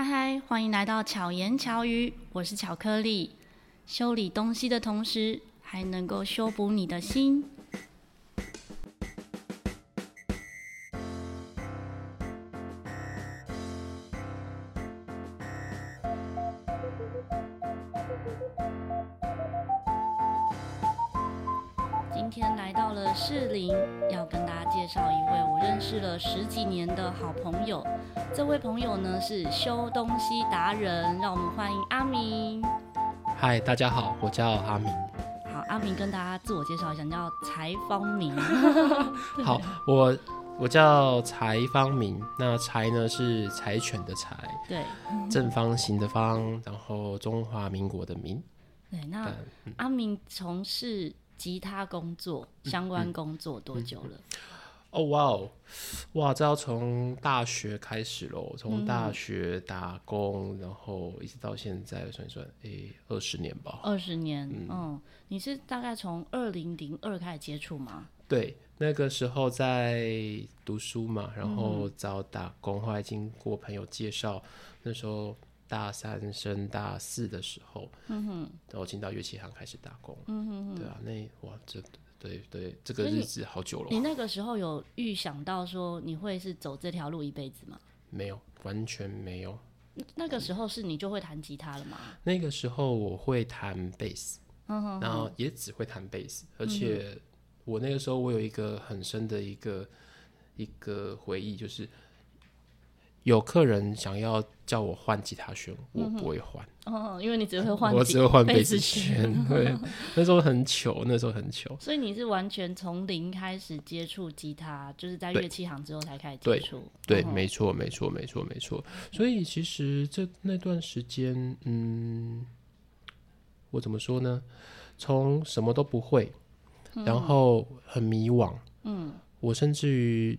嗨嗨，歡迎來到巧言巧語，我是巧克力。修理東西的同時，還能夠修補你的心。是修東西達人，讓我們歡迎阿民。嗨，大家好，我叫阿民。好，阿民跟大家自我介紹一下，叫柴方民。 好，我我叫柴方民。那柴呢是柴犬的柴，對，正方形的方，然後中華民國的民。對，那、嗯、阿民從事吉他工作相關工作多久了？嗯嗯嗯嗯哦哇哦，哇，這要從大學開始嘍，從大學打工，嗯，然後一直到現在，算算，哎、欸，二十年吧。二十年，嗯、哦，你是大概從二零零二開始接觸嗎？對，那個時候在讀書嘛，然後找打工，後來經過朋友介紹，那時候大三升大四的時候，嗯哼，我進到樂器行開始打工，嗯哼、哼，對啊，那哇，這對，對，這個日子好久了。你那個時候有預想到說你會是走這條路一輩子嗎？沒有，完全沒有。那個時候是你就會彈吉他了嗎、嗯？那個時候我會彈貝斯，然後也只會彈貝斯。而且我那個時候我有一個很深的一個一個回憶，就是。有客人想要叫我換吉他弦、嗯，我不會換。哦，因為你只會換。我只會換貝斯弦。對， 那時候很糗，那時候很糗。所以你是完全從零開始接觸吉他，就是在樂器行之後才開始接觸、哦。對，沒錯，沒錯，沒錯，沒錯。所以其實這那段時間，嗯，我怎麼說呢？從什麼都不會、嗯，然後很迷惘。嗯，我甚至於。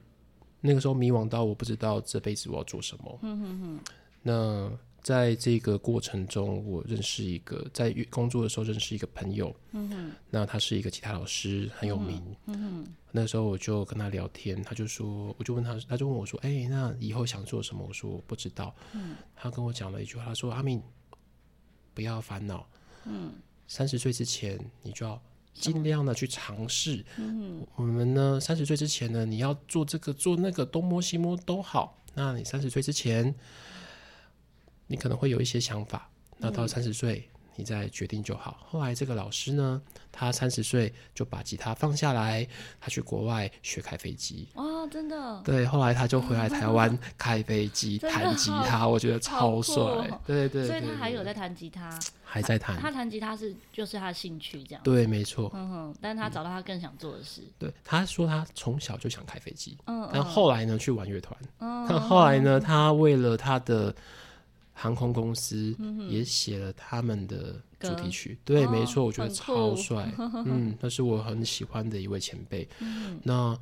那個時候迷惘到我不知道這輩子我要做什麼。嗯哼哼。那在這個過程中，我認識一個在工作的時候認識一個朋友。嗯哼。那他是一個吉他老師，很有名。嗯哼。嗯哼。那個時候我就跟他聊天，他就說，我就問他，他就問我說：“哎，那以後想做什麼？”我說：“不知道。”嗯。他跟我講了一句話，他說：“阿民，不要煩惱。嗯，三十歲之前，你就要。”盡量的去嘗試，嗯，我們呢，三十歲之前呢，你要做這個做那個，東摸西摸都好。那你三十歲之前，你可能會有一些想法，那到三十歲。嗯你再決定就好。後來這個老師呢，他三十歲就把吉他放下來，他去國外學開飛機。哇、哦，真的？對。後來他就回來台灣開飛機、彈 吉他，我覺得超帥。 對，對，對，對對。所以他還有在彈吉他，還在彈。他彈吉他是就是他的興趣，這樣。對，沒錯。嗯哼。但是他找到他更想做的事。對，他說他從小就想開飛機。嗯，嗯。但後來呢，去玩樂團。嗯，嗯，嗯。但後來呢，他為了他的。航空公司也寫了他們的主題曲，嗯、對，哦、沒錯，我覺得超帥，嗯，但是我很喜歡的一位前輩、嗯。那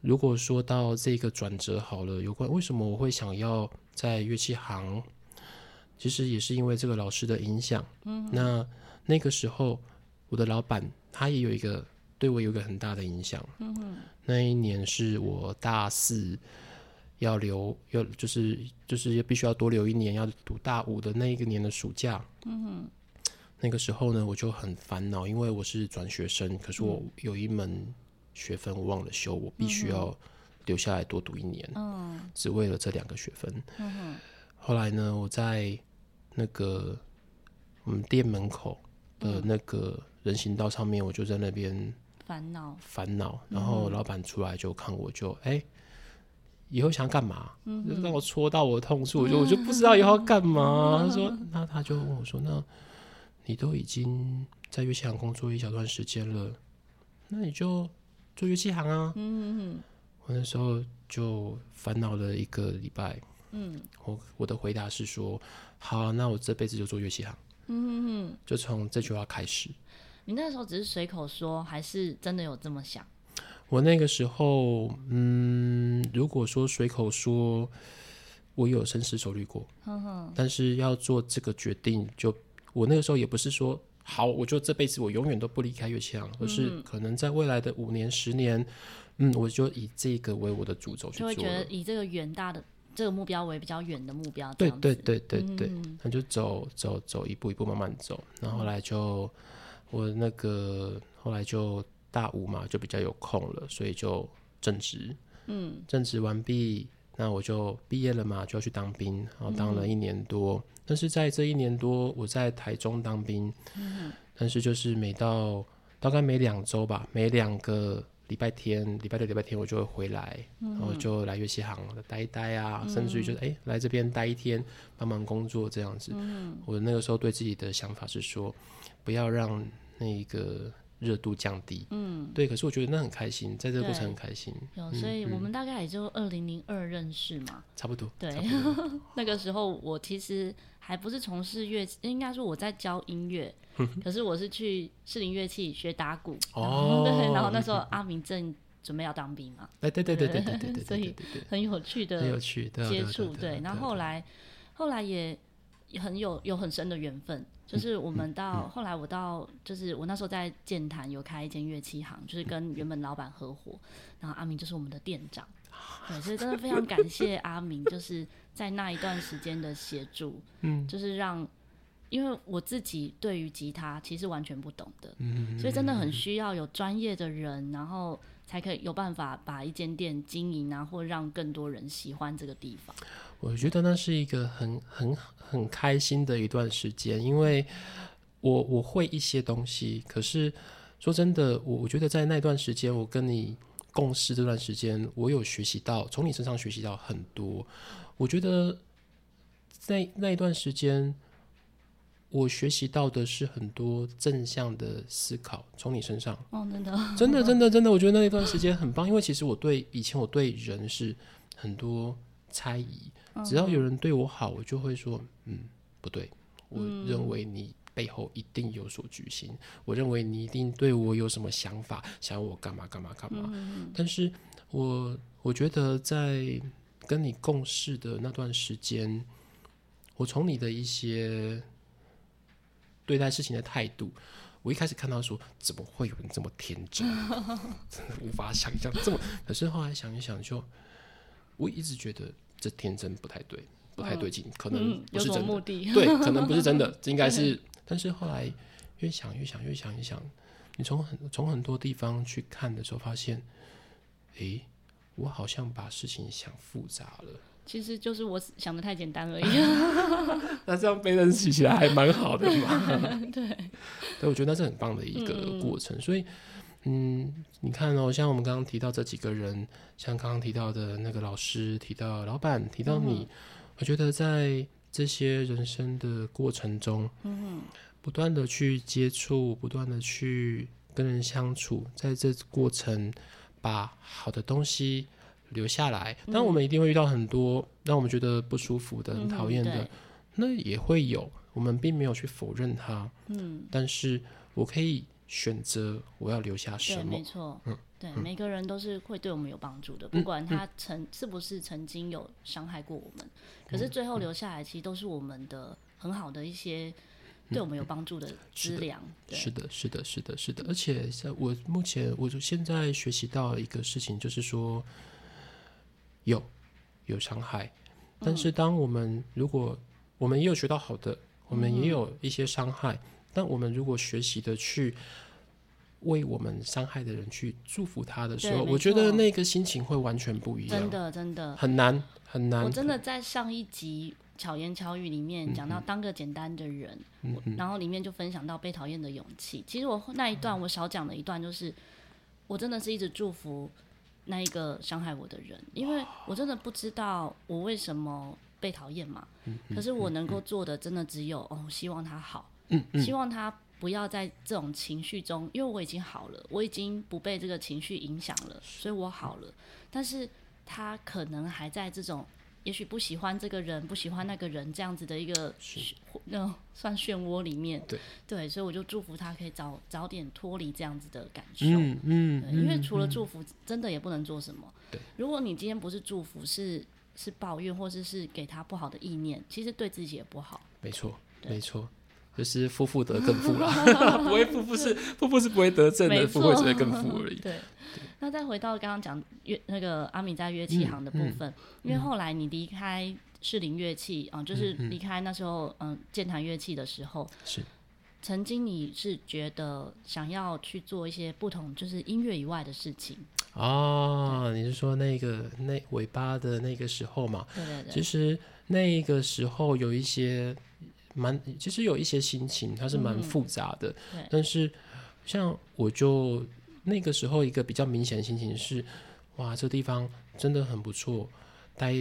如果說到這個轉折好了，有關為什麼我會想要在樂器行，其實也是因為這個老師的影響、嗯。那那個時候，我的老板他也有一個對我有一個很大的影響、嗯。那一年是我大四。要留要就是就是要必須要多留一年，要讀大五的那一個年的暑假。嗯，那個時候呢，我就很煩惱，因為我是轉學生，可是我有一門學分我忘了修，嗯、我必須要留下來多讀一年，嗯，只為了這兩個學分、嗯。後來呢，我在那個我們店門口的那個人行道上面，我就在那邊煩惱煩惱，然後老板出來就看我就，就、欸、哎。以後想要幹嘛？嗯、就讓我戳到我的痛處，我就我就不知道以後要幹嘛、啊嗯。他說：“那他就問我說：‘那你都已經在樂器行工作一小段時間了，那你就做樂器行啊？’嗯嗯，我那時候就煩惱了一個禮拜。嗯，我我的回答是說：‘好、啊，那我這輩子就做樂器行。’嗯嗯嗯，就從這句話開始。你那時候只是隨口說，還是真的有這麼想？”我那個時候，嗯，如果說隨口說，我有深思熟慮過呵呵，但是要做這個決定，就我那個時候也不是說，好，我就這輩子我永遠都不離開樂器行了，而是可能在未來的五年、十年，嗯，嗯，我就以這個為我的主軸去做了。就會覺得以這個遠大的這個目標為比較遠的目標，對對對對對，嗯、哼哼那就走走走一步一步慢慢走。然後後來就我那個後來就。嗯大五嘛，就比較有空了，所以就正職。嗯，正職完畢，那我就畢業了嘛，就要去當兵。然後當了一年多，嗯、但是在這一年多，我在台中當兵。嗯、但是就是每到大概每兩周吧，每兩個禮拜天，禮拜六、禮拜天我就會回來，嗯、然後就來樂器行待一待啊、嗯，甚至於就是哎、欸、來這邊待一天，幫忙工作這樣子、嗯。我那個時候對自己的想法是說，不要讓那個。熱度降低，嗯，對。可是我覺得那很開心，在這個過程很開心。有，所以我們大概也就二零零二認識嘛、嗯嗯，差不多。對， 那個時候我其實還不是從事樂器，應該說我在教音樂、嗯，可是我是去士林樂器學打鼓哦，對。然後那時候阿明正準備要當兵嘛，哎、欸，對對對對對對，所以很有趣的，有趣的接觸，對。那後來，後來也。很有有很深的緣分，就是我們到後來，我到就是我那時候在劍潭有開一間樂器行，就是跟原本老闆合夥，然後阿明就是我們的店長，對，所以真的非常感謝阿明，就是在那一段時間的協助，嗯， 就是讓，因為我自己對於吉他其實完全不懂的，嗯，所以真的很需要有專業的人，然後才可以有辦法把一間店經營啊，或讓更多人喜歡這個地方。我覺得那是一個很很很開心的一段時間，因為我，我我會一些東西。可是說真的，我我覺得在那段時間，我跟你共事這段時間，我有學習到，從你身上學習到很多。我覺得在那一段時間，我學習到的是很多正向的思考，從你身上。哦，真的，真的，真的，真的，我覺得那一段時間很棒，因為其實我對以前我對人是很多猜疑，只要有人對我好，uh -huh. 我就會說，嗯，不對，我認為你背後一定有所居心，uh -huh. 我認為你一定對我有什麼想法，想要我幹嘛幹嘛幹嘛。Uh -huh. 但是我，我我覺得在跟你共事的那段時間，我從你的一些對待事情的態度，我一開始看到說，怎麼會有人這麼天真，uh -huh. 真的無法想象這麼。可是後來想一想，就。我一直覺得這天真不太對，不太對勁、嗯，可能不是真的，目的。對，可能不是真的，這 應該是。但是後來越想越想越想一想，想，你從很從很多地方去看的時候，發現，哎、欸，我好像把事情想複雜了。其實就是我想的太簡單而已、啊。那、 啊、這樣被人洗起來還蠻好的嘛？ 對， 對，我覺得那是很棒的一個過程，嗯嗯，所以。嗯，你看哦，像我們剛剛提到這幾個人，像剛剛提到的那個老師，提到老板，提到你、嗯，我覺得在這些人生的過程中，嗯，不斷的去接觸，不斷的去跟人相處，在這過程把好的東西留下來。嗯、但我們一定會遇到很多讓我們覺得不舒服的、很討厭的、嗯，那也會有。我們並沒有去否認它，嗯，但是我可以。選擇我要留下什麼？對，沒錯，嗯，對嗯，每個人都是會對我們有幫助的、嗯，不管他曾、嗯、是不是曾經有傷害過我們、嗯，可是最後留下來其實都是我們的很好的一些對我們有幫助的資糧、嗯嗯。是的，是的，是的，是的。是的嗯、而且在我目前，我就現在學習到一個事情，就是說有有傷害、嗯，但是當我們如果我們也有學到好的，嗯、我們也有一些傷害。嗯但我們如果學習的去為我們傷害的人去祝福他的時候，我覺得那個心情會完全不一樣。真的，真的很難很難。我真的在上一集《巧言巧語》裡面講、嗯、到當個簡單的人、嗯，然後裡面就分享到被討厭的勇氣、嗯。其實我那一段我少講了一段，就是、嗯、我真的是一直祝福那一個傷害我的人，因為我真的不知道我為什麼被討厭嘛、嗯。可是我能夠做的，真的只有、嗯、哦，希望他好。希望他不要在這種情緒中，因為我已經好了，我已經不被這個情緒影響了，所以我好了。但是他可能還在這種，也許不喜歡這個人，不喜歡那個人這樣子的一個那種算漩渦裡面。對，對，所以我就祝福他可以早早點脫離這樣子的感受。嗯，嗯，因為除了祝福，嗯，真的也不能做什麼。對，如果你今天不是祝福，是是抱怨，或者是，是給他不好的意念，其實對自己也不好。沒錯，沒錯。就是富富得更富啦 不會富富是富富是不會得正的，富富只會更富而已。對，對那再回到剛剛講樂那個阿民在樂器行的部分，嗯嗯、因為後來你離開士林樂器啊、嗯嗯嗯，就是離開那時候嗯鍵盤樂器的時候，是曾經你是覺得想要去做一些不同，就是音樂以外的事情哦。嗯、你是說那個那尾巴的那個時候嘛？對對對。其、就、實、是、那個時候有一些。蠻，其實有一些心情，它是蠻複雜的。嗯、對、但是，像我就那個時候，一個比較明顯的心情是，哇，這地方真的很不錯，待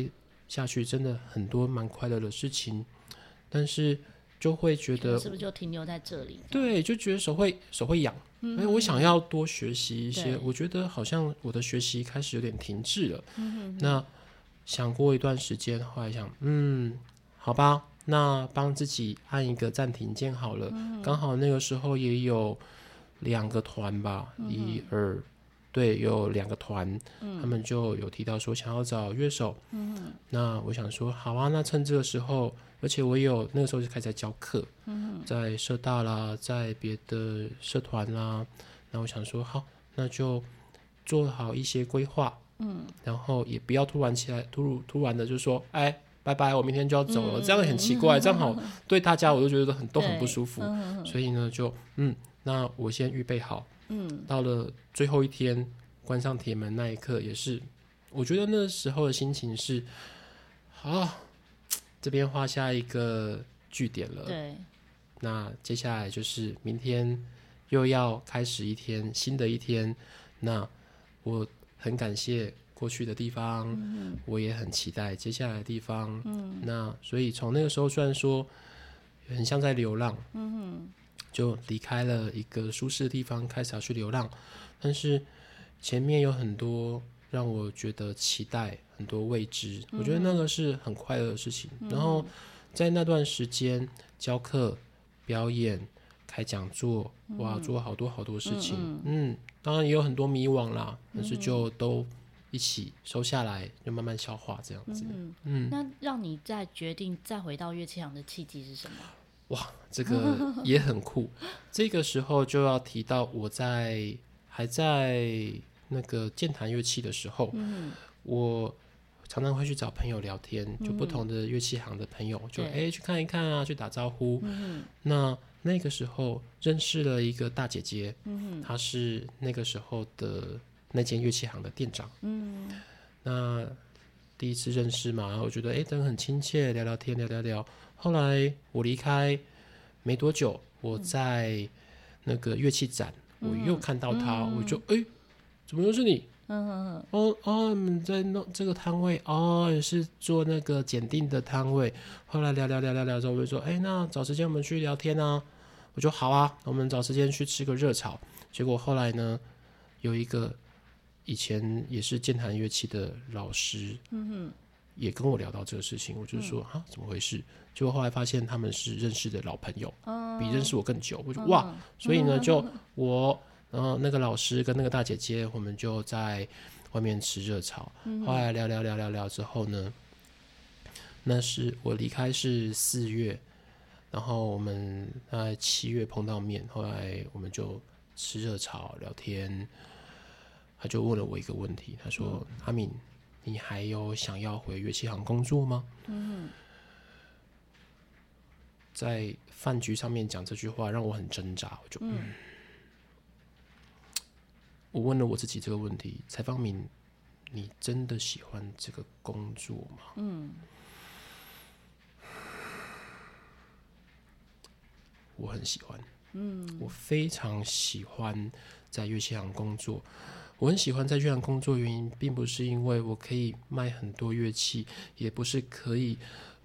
下去真的很多蠻快樂的事情。但是就會覺得、嗯、是不是就停留在這裡？對，對就覺得手會手會癢、嗯哼哼，哎，我想要多學習一些，我覺得好像我的學習開始有點停滯了。嗯哼哼，那想過一段時間，後來想，嗯，好吧。那幫自己按一個暫停鍵好了，剛好，嗯，那個時候也有兩個團吧，嗯、一二，對，嗯、有兩個團，嗯，他們就有提到說想要找樂手、嗯，那我想說好啊，那趁這個時候，而且我也有那個時候就開始在教課、嗯，在社大啦，在別的社團啦，那我想說好，那就做好一些規劃，嗯，然後也不要突然起來，突如突然的就說哎、欸拜拜，我明天就要走了，嗯、這樣很奇怪，嗯嗯、這樣好對大家，我都覺得很、嗯、都很不舒服，嗯、所以呢，就嗯，那我先預備好。嗯，到了最後一天，關上鐵門那一刻，也是，我覺得那時候的心情是，好、啊，這邊畫下一個句點了。對，那接下來就是明天又要開始一天新的一天，那我很感謝。過去的地方，我也很期待接下來的地方。嗯、那所以從那個時候，雖然說很像在流浪，嗯、就離開了一個舒適的地方，開始要去流浪。但是前面有很多讓我覺得期待，很多未知，嗯、我覺得那個是很快樂的事情、嗯。然後在那段時間教課、表演、開講座，哇，做好多好多事情。嗯。嗯，當然也有很多迷惘啦，但是就都。一起收下來，就慢慢消化這樣子。嗯嗯，那讓你再決定再回到樂器行的契機是什麼？哇，這個也很酷。 這個時候就要提到我在還在那個鍵盤樂器的時候、嗯，我常常會去找朋友聊天，就不同的樂器行的朋友，嗯、就哎、欸、去看一看啊，去打招呼、嗯。那那個時候認識了一個大姐姐，嗯、她是那個時候的。那間樂器行的店長，嗯，那第一次認識嘛，然後我覺得哎、人、欸、很親切，聊聊天，聊聊聊。後來我離開沒多久，我在那個樂器展、嗯，我又看到他，嗯、我就哎、欸，怎麼又是你？嗯 oh, oh, 嗯，哦哦，我們在弄這個攤位，哦，也是做那個鑑定的攤位。後來聊聊聊聊聊之後，我就說哎、欸，那找時間我們去聊天啊。我就好啊，我們找時間去吃個熱炒。結果後來呢，有一個。以前也是鍵盤樂器的老師，也跟我聊到這個事情，嗯、我就說啊、嗯，怎麼回事？就後來發現他們是認識的老朋友，哦、比認識我更久。我就、哦、哇，所以呢，嗯、就我，嗯、然後那個老師跟那個大姐姐，我們就在外面吃熱炒、嗯。後來聊聊聊聊聊之後呢，那是我離開是四月，然後我們在七月碰到面，後來我們就吃熱炒聊天。他就問了我一個問題，他說：“阿、嗯、民，你還有想要回樂器行工作嗎、嗯？”在飯局上面講這句話讓我很掙扎。我就嗯，嗯，我問了我自己這個問題：“柴方民，你真的喜歡這個工作嗎？”嗯，我很喜歡。嗯，我非常喜歡在樂器行工作。我很喜歡在這樣工作，原因並不是因為我可以賣很多樂器，也不是可以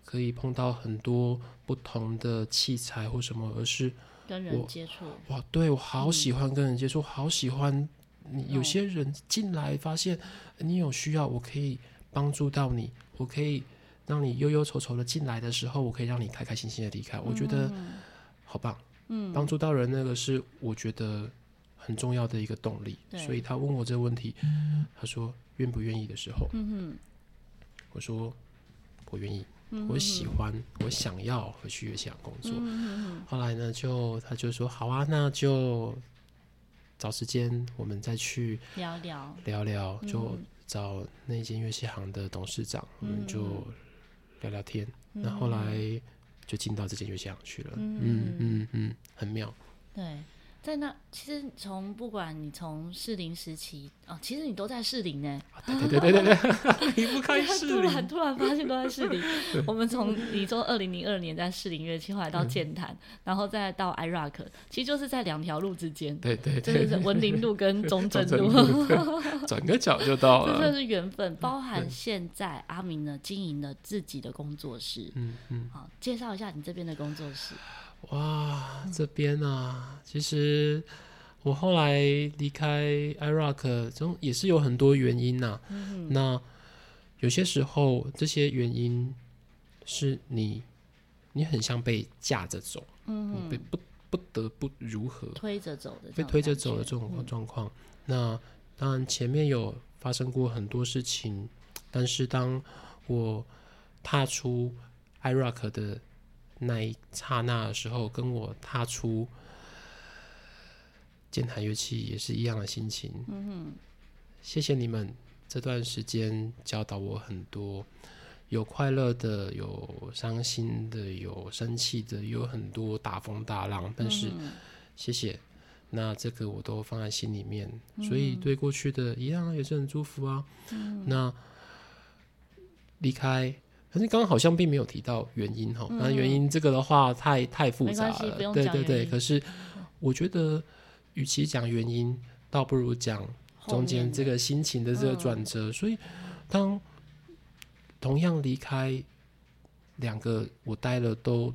可以碰到很多不同的器材或什麼，而是我跟人接觸。哇，對，我好喜歡跟人接觸、嗯，好喜歡你。有些人進來發現你有需要，我可以幫助到你，我可以讓你憂憂愁愁的進來的時候，我可以讓你開開心心的離開、嗯。我覺得好棒，嗯，幫助到人那個是我覺得。很重要的一個動力，所以他問我這個問題，嗯、他說願不願意的時候，嗯、我說我願意、嗯，我喜歡，我想要回去樂器行工作、嗯。後來呢，就他就說好啊，那就找時間，我們再去聊聊聊聊，就找那間樂器行的董事長、嗯，我們就聊聊天。那、嗯、後、後來就進到這間樂器行去了，嗯嗯嗯，很妙，對。在那，其實從不管你從士林時期哦，其實你都在士林呢。對對對對對對，離不開士林，突然突然發現都在士林。 我們從你從二零零二年在士林樂器後來到劍潭、嗯，然後再到 i r a q 其實就是在兩條路之間。對，對對，就是文林路跟中正路轉 正路 個角就到了。這算是緣分。包含現在阿明呢經營了自己的工作室。嗯嗯。好、哦，介紹一下你這邊的工作室。哇，這邊啊、嗯，其實我後來離開 Iraq 中也是有很多原因吶、啊嗯。那有些時候這些原因是你，你很像被架着走，嗯，你被不不不得不如何推着走的，被推着走的這種狀況、嗯。那當然前面有發生過很多事情，但是當我踏出 Iraq 的那一剎那的時候，跟我踏出健談樂器也是一樣的心情。嗯、謝謝你們這段時間教導我很多，有快樂的，有傷心的，有生氣的，有很多大風大浪。但是、嗯、謝謝，那這個我都放在心裡面。所以對過去的，一樣也是很祝福啊。嗯、那離開。可是剛剛好像並沒有提到原因哈，那、嗯、原因這個的話太太複雜了。沒關係，不用講原因。對對對，可是我覺得，與其講原因，倒不如講中間這個心情的這個轉折、嗯。所以，當同樣離開兩個我待了都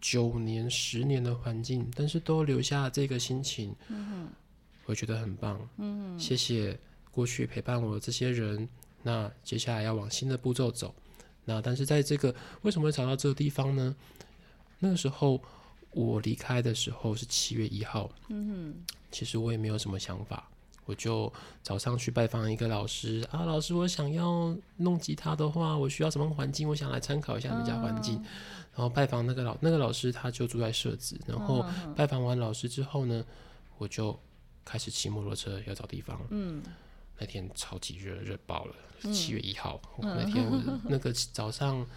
九年、十年的環境，但是都留下這個心情、嗯，我覺得很棒。嗯，謝謝過去陪伴我的這些人。那接下來要往新的步驟走。那但是在這個為什麼會找到這個地方呢？那個時候我離開的時候是七月一號，嗯，其實我也沒有什麼想法，我就早上去拜訪一個老師啊，老師我想要弄吉他的話，我需要什麼環境，我想來參考一下你們家環境，啊，然後拜訪那個老那個老師，他就住在社子，然後拜訪完老師之後呢，我就開始騎摩托車要找地方，嗯。那天超級熱，熱爆了。七月一號、嗯、那天、嗯，那個早上，呵呵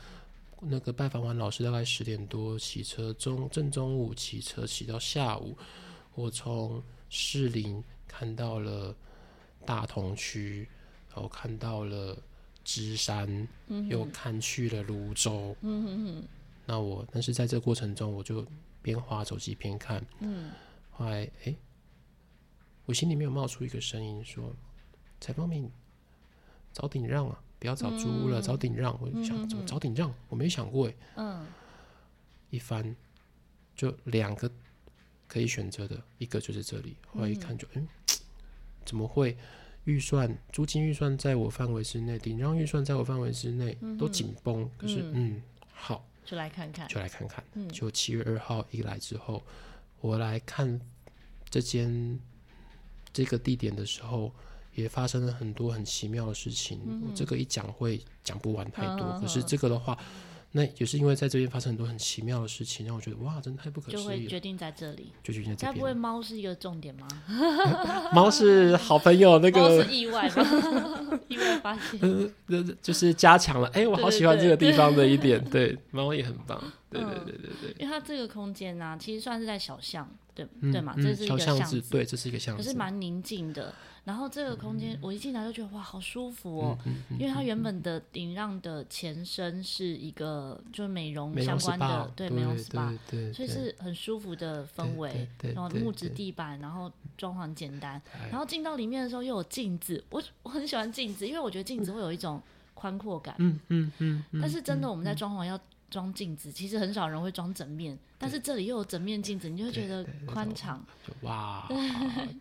呵那個拜訪完老師，大概十點多騎車中正中午騎車騎到下午，我從士林看到了大同區，然後看到了芝山，又看去了瀘州、嗯。那我但是在這過程中，我就邊滑手機邊看、嗯。後來，哎、欸，我心裡沒有冒出一個聲音說。這方面，找頂讓啊，不要找租屋了，找、嗯、頂讓。我想怎麼找頂讓？我沒想過誒。嗯。一翻，就兩個可以選擇的，一個就是這裡。後來一看就，就嗯，嗯，怎麼會？預算租金預算在我範圍之內，頂讓預算在我範圍之內、嗯、都緊繃。可是，嗯，嗯好，就來看看，就來看看。嗯、就七月二號一來之後，我來看這間這個地點的時候，也發生了很多很奇妙的事情，嗯、這個一講會講不完太多，嗯。可是這個的話，那也是因為在這邊發生很多很奇妙的事情，讓我覺得哇，真的太不可思議了。就會決定在這裡。就決定在這裡。才不會貓是一個重點嗎？貓、嗯、是好朋友， 那個貓是意外嗎？ 意外發現，嗯。就是加強了，哎、欸，我好喜歡這個地方的一點。對、對、對、對、對，貓也很棒。對對對對對、嗯。因為它這個空間呢、啊，其實算是在小巷，對、嗯、對嘛，這是一個巷子，小巷子，對，這是一個巷子，可是蠻寧靜的。然後這個空間、嗯，我一進來就覺得哇，好舒服哦，嗯嗯嗯、因為它原本的、嗯、頂讓的前身是一個就是美容相關的，對美容 SPA，所以是很舒服的氛圍。然後木質地板，然後裝潢簡單、嗯，然後進到裡面的時候又有鏡子，我我很喜歡鏡子，因為我覺得鏡子會有一種寬闊感。嗯嗯嗯，嗯，但是真的我們在裝潢要。裝鏡子，其實很少人會裝整面，但是這裡又有整面鏡子，你就會覺得寬敞哇！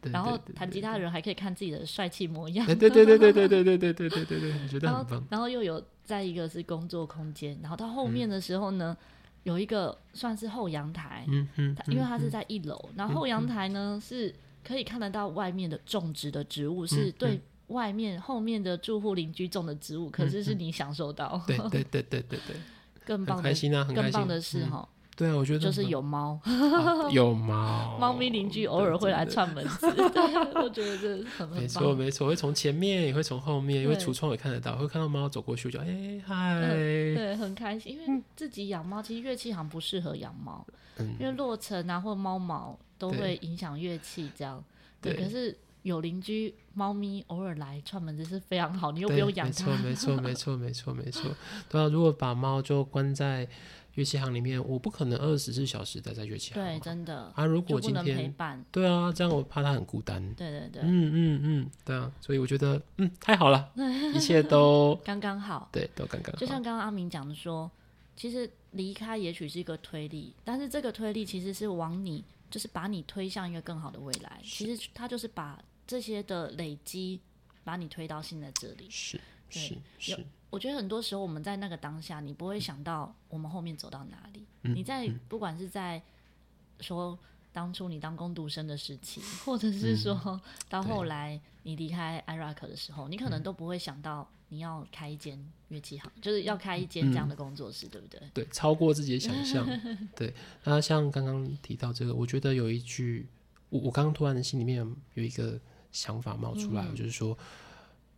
然後彈吉他的人還可以看自己的帥氣模樣，對對對對對對對對對對對，對， 你覺得很棒。然後，然後又有再一個是工作空間，然後到後面的時候呢，嗯、有一個算是後陽台，嗯嗯、嗯、嗯，因為它是在一樓，然後後陽台呢、嗯嗯、是可以看得到外面的種植的植物，嗯嗯、是對外面後面的住戶鄰居種的植物，嗯嗯、可是是你享受到，嗯嗯、 對，對對對對對對。更棒的，很開,、啊、開更棒的是哈、喔嗯，對啊，我覺得就是有貓、 啊，有貓，貓咪鄰居偶爾會來串門子，對 對我覺得這是很棒，沒錯，沒錯，會從前面，也會從後面，因為櫥窗也看得到，會看到貓走過去，就嘿嗨、欸嗯，對，很開心。因為自己養貓、嗯，其實樂器好像不適合養貓、嗯，因為落塵啊，或貓毛都會影響樂器這樣。對，對可是。有鄰居貓咪偶爾來串門，真是非常好，你又不用養它。沒錯，沒錯，沒錯， 沒錯，沒錯。對啊，如果把貓就關在樂器行裡面，我不可能二十四小時待在樂器行啊。對，真的。啊，如果今天陪伴。對啊，這樣我怕它很孤單。對對對。嗯嗯嗯，對啊，所以我覺得，嗯，太好了， 一切都剛剛 好。對，都剛剛好。就像剛剛阿民講的說，其實離開也許是一個推力，但是這個推力其實是往你。就是把你推向一個更好的未來。其實他就是把這些的累積，把你推到現在這裡。是，對是，有是。我覺得很多時候我們在那個當下，你不會想到我們後面走到哪裡。嗯、你在不管是在說當初你當工讀生的時期、嗯，或者是說到後來你離開艾瑞克的時候、嗯，你可能都不會想到。你要開一間樂器行，就是要開一間這樣的工作室，嗯，對不對？對，超過自己的想象。 對，那像剛剛提到這個，我覺得有一句，我我剛剛突然的心裡面有一個想法冒出來，我，嗯，就是說，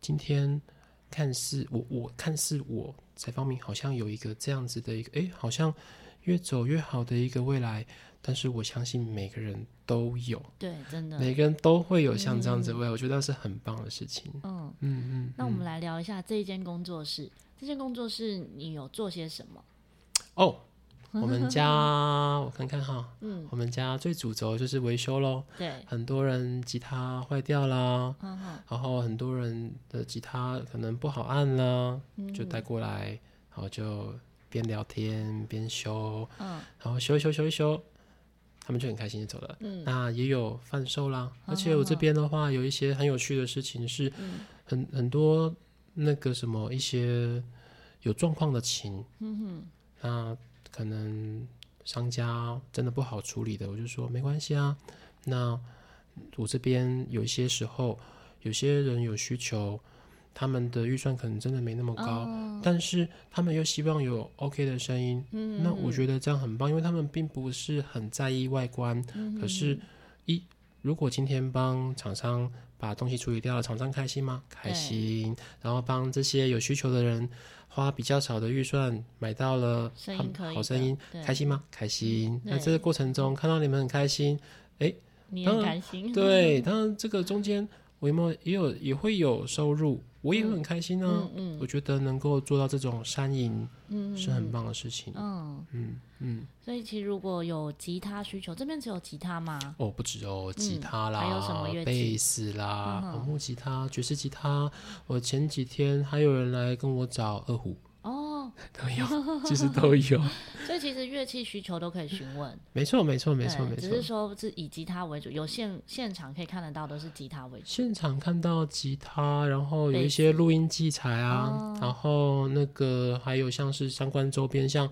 今天看似我我看似我這方面好像有一個這樣子的一個，哎，好像越走越好的一個未來。但是我相信每個人都有，對，真的，每個人都會有像這樣子，喂、嗯，我覺得是很棒的事情。嗯嗯嗯。那我們來聊一下這一間工作室。嗯、這間工作室你有做些什麼？哦、oh, 我們家我看看哈、啊，嗯，我們家最主軸就是維修嘍。對，很多人吉他壞掉啦、嗯嗯，然後很多人的吉他可能不好按啦、嗯，就帶過來，然後就邊聊天邊修，嗯，然後修一修，修一修。他們就很開心就走了。嗯，那也有販售啦，好好好。而且我這邊的話，有一些很有趣的事情是很、很、嗯、很多那個什麼一些有狀況的琴。嗯哼，那可能商家真的不好處理的，我就說沒關係啊、嗯。那我這邊有一些時候，有些人有需求。他們的預算可能真的沒那麼高，哦，但是他們又希望有 OK 的聲音，嗯嗯嗯。那我覺得這樣很棒，因為他們並不是很在意外觀。嗯嗯，可是，一如果今天幫廠商把東西處理掉了，廠商開心嗎？開心。然後幫這些有需求的人花比較少的預算買到了好聲音，好聲音，開心嗎？開心。那這個過程中看到你們很開心，誒，當、欸、你很開心。 對，當然這個中間。我有也有也會有收入，我也會很開心呢、啊，嗯嗯嗯。我覺得能夠做到這種山營，嗯，是很棒的事情。嗯嗯嗯，嗯，嗯。所以其實如果有吉他需求，這邊只有吉他嗎？哦，不止哦，吉他啦、嗯，還有什麼樂器？貝斯啦，木、嗯、吉他、爵士吉他。我前幾天還有人來跟我找二胡。都有，其實都有， 所以其實樂器需求都可以詢問。 沒錯，沒錯，沒錯，沒錯，只是說是以吉他為主，有現現場可以看得到都是吉他為主。現場看到吉他，然後有一些錄音器材啊，然後那個還有像是相關周邊，像。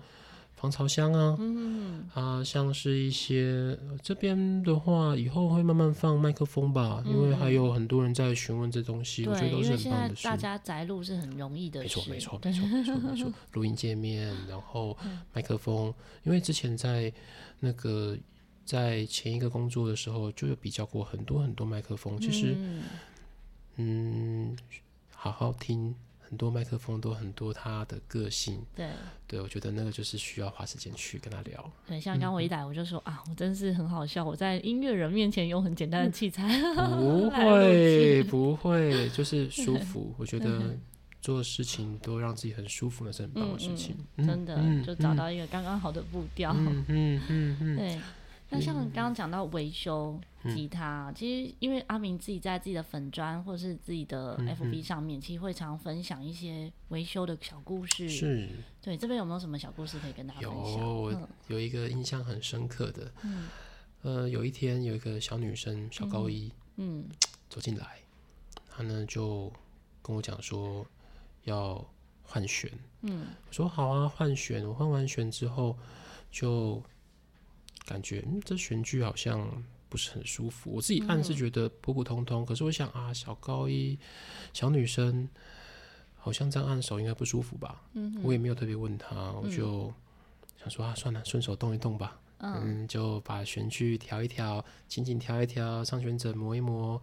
防潮箱啊、嗯，啊，像是一些這邊的話，以後會慢慢放麥克風吧、嗯，因為還有很多人在詢問這東西，我覺得都是很棒的事。對，因為現在大家宅錄是很容易的，沒錯，沒錯，沒錯，沒錯，錄 音界面，然後麥克風、嗯，因為之前在那個在前一個工作的時候，就有比較過很多很多麥克風、嗯，其實，嗯，好好聽。很多麥克風都很多，他的個性。對，對我覺得那個就是需要花時間去跟他聊。對，像剛我一來，我就說、嗯、啊，我真是很好笑，嗯、我在音樂人面前用很簡單的器材、嗯。 不會，不會，就是舒服。嗯、我覺得做事情都讓自己很舒服，那是很棒的事情。嗯嗯、真的、嗯，就找到一個剛剛好的步調。嗯嗯嗯，嗯。對，那、嗯、像剛剛講到維修。吉他其實，因為阿明自己在自己的粉專，或是自己的 FB 上面嗯嗯，其實會常分享一些維修的小故事。是。對，這邊有沒有什麼小故事可以跟大家分享？有，我有一個印象很深刻的。嗯、呃。有一天有一個小女生，小高一，嗯，走進來，嗯、她呢就跟我講說要換弦。嗯。我說好啊，換弦。我換完弦之後，就感覺嗯，這弦距好像。不是很舒服，我自己按是覺得普普通通，嗯、可是我想啊，小高一，小女生，好像這樣按手應該不舒服吧、嗯？我也沒有特別問他，我就想說啊，算了，順手動一動吧，嗯，嗯就把弦距調一調，琴頸調一調，上弦枕磨一磨，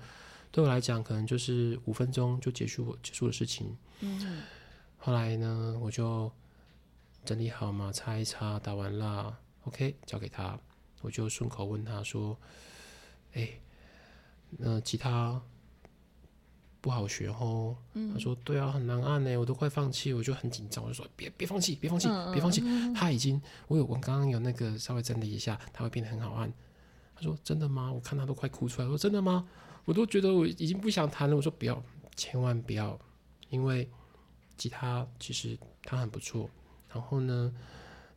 對我來講可能就是五分鐘就結束我結束的事情。嗯，後來呢，我就整理好嘛，擦一擦，打完了，OK，交給他，我就順口問他說。哎、欸，那吉他不好學哦、嗯。他說：“對啊，很難按呢、欸，我都快放棄。”我就很緊張，我就說：“別別放棄，別放棄，別放棄。嗯放棄”他已經，我有，我剛剛有那個稍微整理一下，他會變得很好按。他說：“真的嗎？”我看他都快哭出來，我說：“真的嗎？”我都覺得我已經不想彈了。我說：“不要，千萬不要，因為吉他其實他很不錯。然後呢，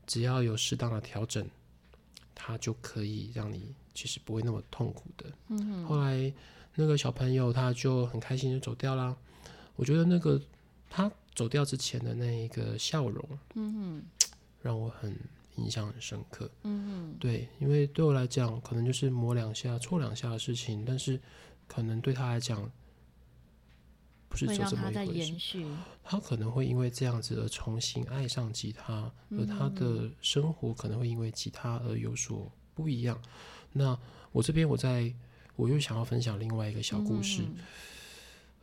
只要有適當的調整。”他就可以讓你其實不會那麼痛苦的。嗯，後來那個小朋友他就很開心就走掉啦。我覺得那個他走掉之前的那一個笑容，嗯，讓我很印象很深刻。嗯，對，因為對我來講可能就是磨兩下、搓兩下的事情，但是可能對他來講。不是就這麼一回事他，他可能會因為這樣子而重新愛上吉他、嗯，而他的生活可能會因為吉他而有所不一樣。那我這邊我在我又想要分享另外一個小故事，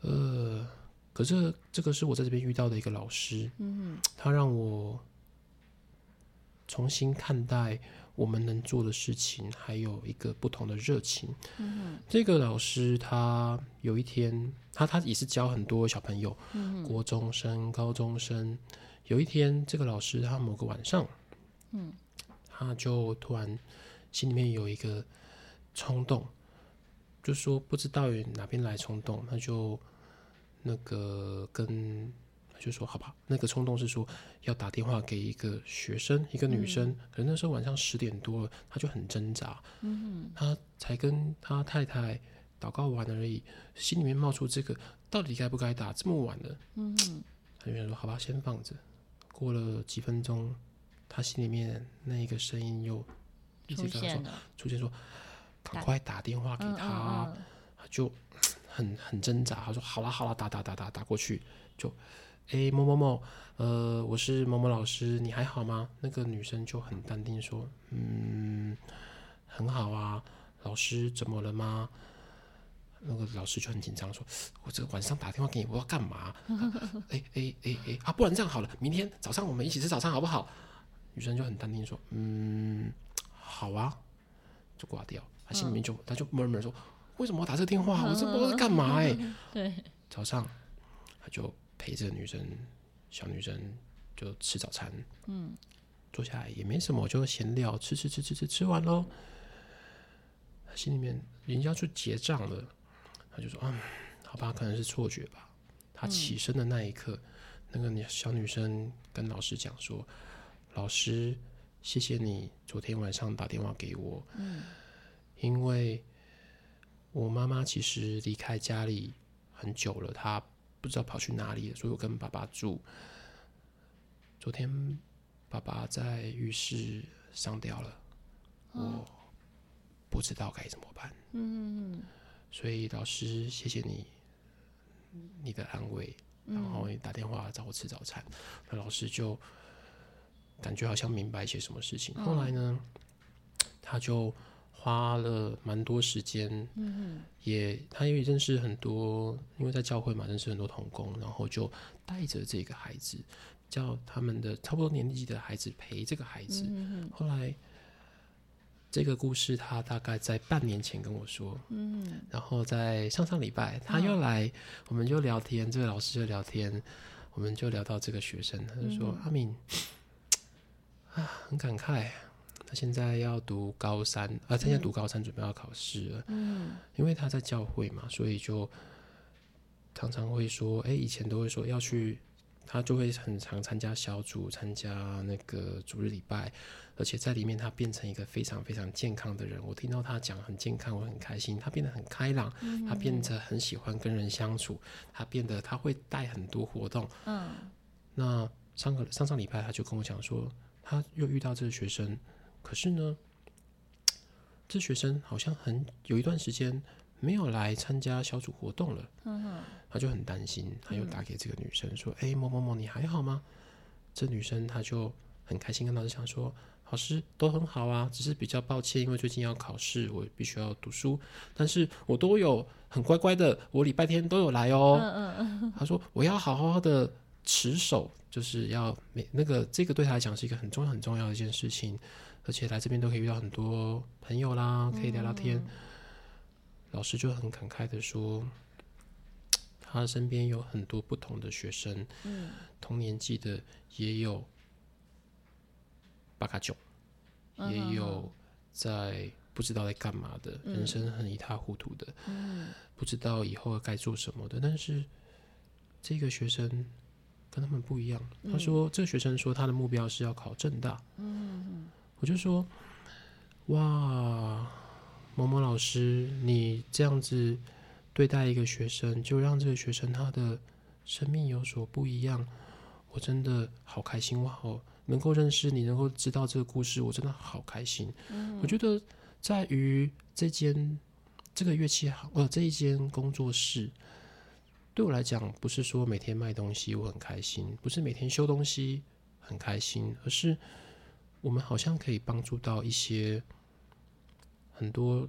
嗯、呃，可是、這個、這個是我在這邊遇到的一個老師，嗯、他讓我。重新看待我們能做的事情，還有一個不同的熱情。嗯，這個老師他有一天，他他也是教很多小朋友，嗯，國中生、高中生。有一天，這個老師他某個晚上，嗯，他就突然心裡面有一個衝動，就說不知道有哪邊來衝動，他就那個跟。就說好吧，那個衝動是說要打電話給一個學生，一個女生。嗯、可能那時候晚上十點多了，他就很掙扎，她、嗯、他才跟他太太禱告完了而已，心裡面冒出這個，到底該不該打？這麼晚了，她、嗯、他就說好吧，先放着。過了幾分鐘，他心裡面那個聲音又一直在出現說趕快打電話給她、嗯嗯嗯，就很很掙扎。他說好啦好啦，打打打打打，打過去就。誒、欸，某某某，呃，我是某某老師，你還好嗎？那個女生就很淡定說：“嗯，很好啊，老師怎麼了嗎？”那個老師就很緊張說：“我這個晚上打電話給你，我要幹嘛？”哎哎哎哎，啊，不然這樣好了，明天早上我們一起吃早餐好不好？女生就很淡定說：“嗯，好啊。”就掛掉，他心裡面就他就悶悶說：“為什麼要打這電話？我這不知道在幹嘛、欸？”哎， 對，早上他就。陪着女生，小女生就吃早餐，嗯，坐下來也沒什麼，我就閒聊，吃吃吃吃吃，吃完咯。他心裡面人家去結賬了，他就說嗯，好吧，可能是錯覺吧。他起身的那一刻，嗯，那個小女生跟老師講說：“老師，謝謝你昨天晚上打電話給我，嗯，因為我媽媽其實離開家裡很久了，她。”不知道跑去哪裡了，所以我跟爸爸住。昨天爸爸在浴室上吊了，哦、我不知道該怎麼辦。嗯哼哼，所以老師謝謝你，你的安慰，然後你打電話找我吃早餐，嗯、那老師就感覺好像明白一些什麼事情。哦、後來呢，他就。花了蠻多時間，嗯，也他因為認識很多，因為在教會嘛，認識很多童工，然後就帶着這個孩子，叫他們的差不多年紀的孩子陪這個孩子。嗯、後來這個故事，他大概在半年前跟我說，嗯，然後在上上禮拜、哦、他又來，我們就聊天，這個老師就聊天，我們就聊到這個學生，他就說、嗯、阿民很感慨。他現在要讀高三啊，呃，參加讀高三，準備要考試了、嗯。因為他在教會嘛，所以就常常會說：“哎、欸，以前都會說要去，他就會很常參加小組，參加那個主日禮拜。而且在裡面，他變成一個非常非常健康的人。我聽到他講很健康，我很開心。他變得很開朗，他變得很喜歡跟人相處，嗯嗯嗯，他變得他會帶很多活動。嗯，那上個上上禮拜，他就跟我講說，他又遇到這個學生。可是呢，這學生好像很有一段時間沒有來參加小組活動了，嗯。他就很擔心，他又打給這個女生說：“誒、嗯欸，某某某，你還好嗎？”這女生她就很開心跟老師講說：“老師都很好啊，只是比較抱歉，因為最近要考試，我必須要讀書。但是，我都有很乖乖的，我禮拜天都有來哦。”嗯嗯嗯，他說：“我要好好的持守，就是要每那個這個對他來講是一個很重要很重要的一件事情。”而且來這邊都可以遇到很多朋友啦，可以聊聊天。嗯、哼哼老師就很感慨的說，他身邊有很多不同的學生，嗯、同年紀的也有巴卡九，也有在不知道在幹嘛的、嗯哼哼，人生很一塌糊塗的、嗯，不知道以後該做什麼的。但是這個學生跟他們不一樣，嗯、他說這個學生說他的目標是要考政大。嗯我就說，哇，某某老師，你這樣子對待一個學生，就讓這個學生他的生命有所不一樣，我真的好開心。哇哦，能夠認識你，能夠知道這個故事，我真的好開心。嗯，我覺得在於這間這個樂器行，呃，這一間工作室，對我來講，不是說每天賣東西我很開心，不是每天修東西很開心，而是。我們好像可以幫助到一些很多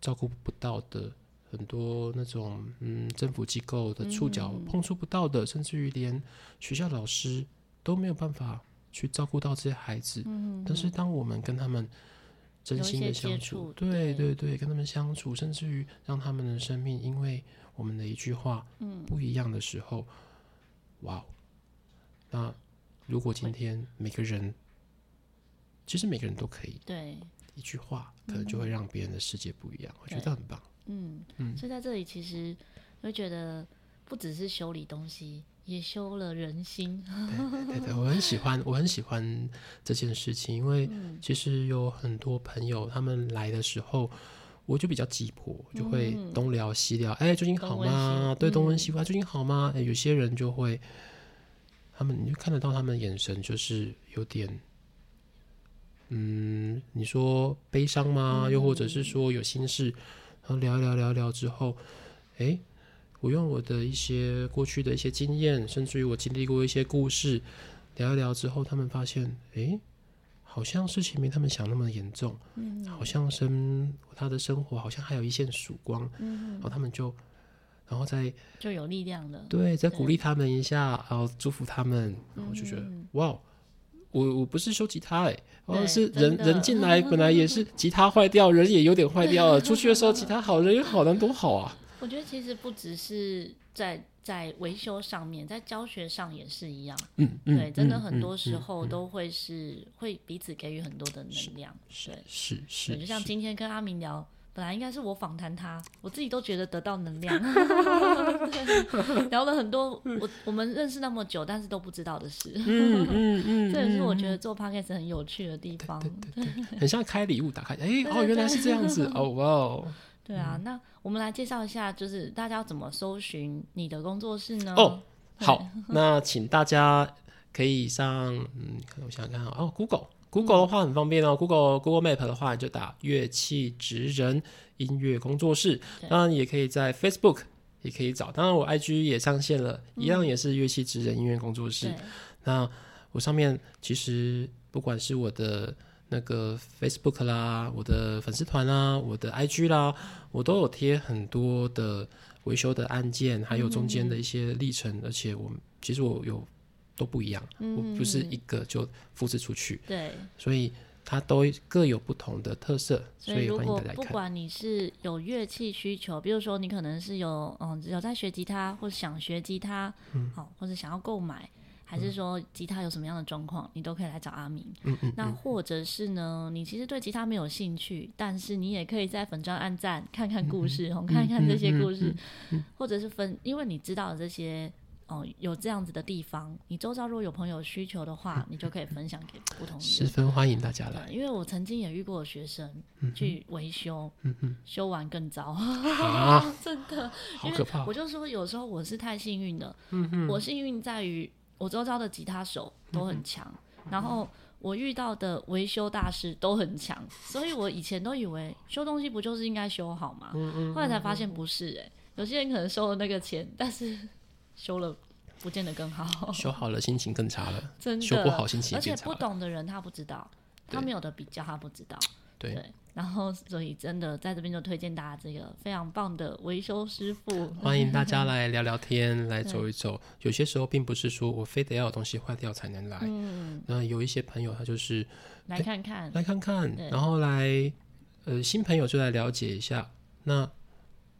照顧不到的很多那種嗯，政府機構的觸角碰觸不到的，嗯，甚至於連學校老師都沒有辦法去照顧到這些孩子。嗯，但是當我們跟他們真心的相處，對對對，對，對，跟他們相處，甚至於讓他們的生命因為我們的一句話，不一樣的時候，嗯，哇！那如果今天每個人。其實每個人都可以，對，一句話可能就會讓別人的世界不一樣，嗯、我覺得很棒。嗯嗯，所以在這裡其實我覺得不只是修理東西，也修了人心。對對對，對， 我很喜歡，我很喜歡這件事情，因為其實有很多朋友他們來的時候，我就比較急迫，就會東聊西聊，哎、嗯欸，最近好嗎？東西對，嗯、東問西問，最近好嗎、欸？有些人就會，他們你就看得到他們眼神，就是有點。嗯，你說悲傷嗎？又或者是說有心事？嗯嗯，然後聊一聊，聊一聊之後，哎、欸，我用我的一些過去的一些經驗，甚至於我經歷過一些故事，聊一聊之後，他們發現，哎、欸，好像事情沒他們想那麼嚴重，嗯，嗯，好像生他的生活好像還有一線曙光，嗯，嗯，然後他們就，然後再就有力量了，對，對，再鼓勵他們一下，然後祝福他們，然後就覺得哇。嗯嗯嗯 Wow, 我我不是修吉他哎、欸，我、哦、是人人進來本來也是吉他壞掉， 人也有點壞掉了。出去的時候吉他好 人有好，人多好啊！我覺得其實不只是在在維修上面，在教學上也是一樣嗯。嗯，對，真的很多時候都會是會彼此給予很多的能量。嗯嗯嗯嗯、對，是是,是,是,對是,是。就像今天跟阿民聊。本來應該是我訪談他，我自己都覺得得到能量， 聊了很多我，我、嗯、我們認識那麼久，但是都不知道的事，嗯嗯，這也是我覺得做 Podcast 很有趣的地方， 對、對、對、對，很像開禮物打開，哎、欸、哦，原來是這樣子，對對對，哦哇哦，對啊、嗯，那我們來介紹一下，就是大家要怎麼搜尋你的工作室呢？哦好， 那請大家可以上，嗯，我想想看好哦 Google。Google 的話很方便哦，Google Google Map 的話你就打樂器職人音樂工作室。當然也可以在 Facebook，也可以找。當然我 IG 也上線了，一樣也是樂器職人音樂工作室。嗯、那我上面其實不管是我的那個 Facebook 啦，我的粉絲團啊，我的 IG 啦，我都有貼很多的維修的案件，還有中間的一些歷程。嗯嗯。而且我，其實我有。都不一樣、嗯，我不是一個就複製出去，對，所以它都各有不同的特色，所以如果不管你是有樂器需求、嗯，比如說你可能是有嗯有在學吉他或是想學吉他，好、嗯哦，或者想要購買，還是說吉他有什麼樣的狀況、嗯，你都可以來找阿民、嗯。那或者是呢，你其實對吉他沒有興趣，但是你也可以在粉專按讚，看看故事，嗯、看一看這些故事、嗯，或者是分，因為你知道的這些。哦，有這樣子的地方，你周遭如果有朋友需求的話，你就可以分享給不同人。十分歡迎大家來，因為我曾經也遇過學生去維修、嗯，修完更糟，啊、 真的，好可怕！因為我就說，有時候我是太幸運的、嗯，我幸運在於我周遭的吉他手都很強、嗯，然後我遇到的維修大師都很強，所以我以前都以為修東西不就是應該修好嗎、嗯？後來才發現不是、欸，哎，有些人可能收了那個錢，但是。修了不見得更好，修好了心情更差了，真的修不好心情更差了。而且不懂的人他不知道，他沒有的比較他不知道，對。對然後所以真的在這邊就推薦大家這個非常棒的維修師傅，歡迎大家來聊聊天，來走一走。有些時候並不是說我非得要有東西壞掉才能來，嗯嗯。那有一些朋友他就是來看看，來看看，欸、看看然後來呃新朋友就來了解一下那。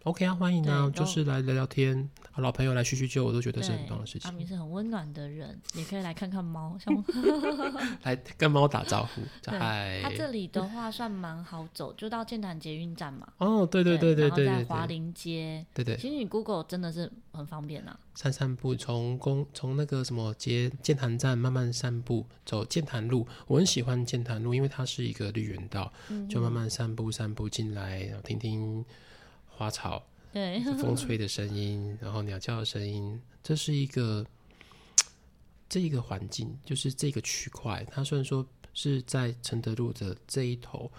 OK 啊，歡迎啊，就是來聊聊天、啊，老朋友來敘敘舊，我都覺得是很棒的事情。阿民是很溫暖的人，你 可以來看看貓， 來跟貓打招呼，它、啊、這裡的話算蠻好走，就到劍潭捷運站嘛。哦，對對對對對。對然後在華林街，對對，對對。其實你 Google 真的是很方便啊。散散步從，從公從那個什麼街劍潭站慢慢散步，走劍潭路，我很喜歡劍潭路，因為它是一個綠園道，嗯，就慢慢散步散步進來，然後聽聽花草，對 風吹的聲音，然後鳥叫的聲音，這是一個，這一個環境就是這個區塊。它雖然說是在承德路的這一頭，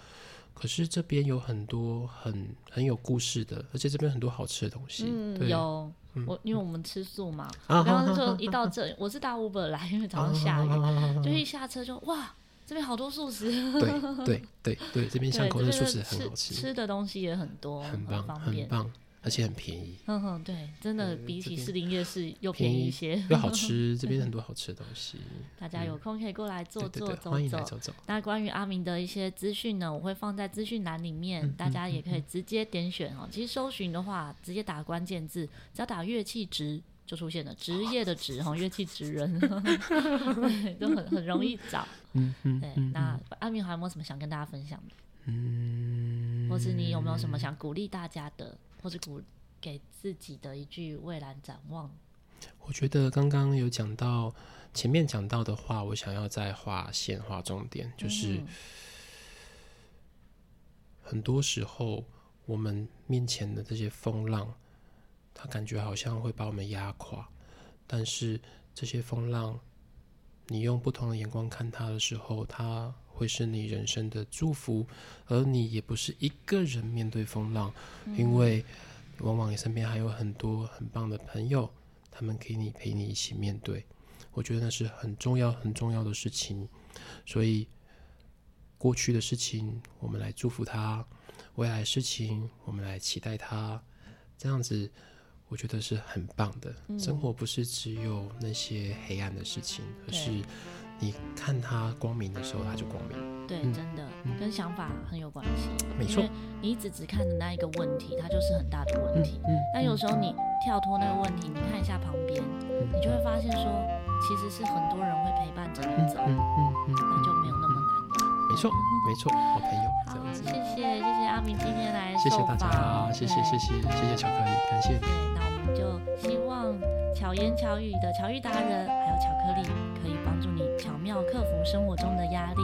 可是這邊有很多很很有故事的，而且這邊很多好吃的東西。嗯，對有嗯我因為我們吃素嘛，然、嗯、剛、啊、說一到這，我是搭 Uber 來，因為早上下雨，啊、哈哈哈哈就一下車就哇。這邊好多素食 對，對對對對，這邊巷口素食很好吃，吃，吃的東西也很多，很棒，很，很棒，而且很便宜。嗯哼，對，真的比起士林夜市又便宜一些，又好吃。 這邊很多好吃的東西，大家有空可以過來坐、嗯、坐對對對走一走走，歡迎來走走。那關於阿民的一些資訊呢，我會放在資訊欄裡面，嗯、大家也可以直接點選、嗯嗯、哦。其實搜尋的話，直接打關鍵字，只要打樂器職。就出現了職業的職，哈、哦，樂器職人，都 很很容易找。嗯嗯，對嗯。那阿明還有沒有什麼想跟大家分享的？嗯。或是你有沒有什麼想鼓勵大家的，或是鼓給自己的一句未來展望？我覺得剛剛有講到，前面講到的話，我想要再畫線、畫重點，就是、嗯、很多時候我們面前的這些風浪。他感覺好像會把我們壓垮，但是這些風浪，你用不同的眼光看他的時候，他會是你人生的祝福。而你也不是一個人面對風浪，因為往往你身邊還有很多很棒的朋友，他們可以陪你一起面對。我覺得那是很重要很重要的事情。所以過去的事情，我們來祝福他；未來的事情，我們來期待他。這樣子。我覺得是很棒的、嗯。生活不是只有那些黑暗的事情，嗯、而是你看它光明的時候，它就光明。對，嗯、對，真的、嗯、跟想法很有關係。沒、嗯、錯，你一直只看着那一個問題，它就是很大的問題。嗯。嗯，但有時候你跳脫那個問題，你看一下旁邊、嗯，你就會發現說，其實是很多人會陪伴着你走。嗯嗯嗯。嗯嗯。那就錯，沒錯，好朋友。好，謝謝，謝謝阿民今天來受訪，謝謝大家、嗯。謝謝，謝謝，謝謝巧克力，感謝。對，那我們就希望巧言巧語的巧遇達人，還有巧克力，可以幫助你巧妙克服生活中的壓力。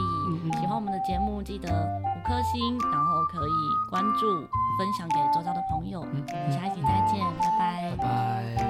喜歡我們的節目，記得五顆星，然後可以關注，分享給周遭的朋友。我、嗯、們下一期再見，嗯、拜拜。拜拜。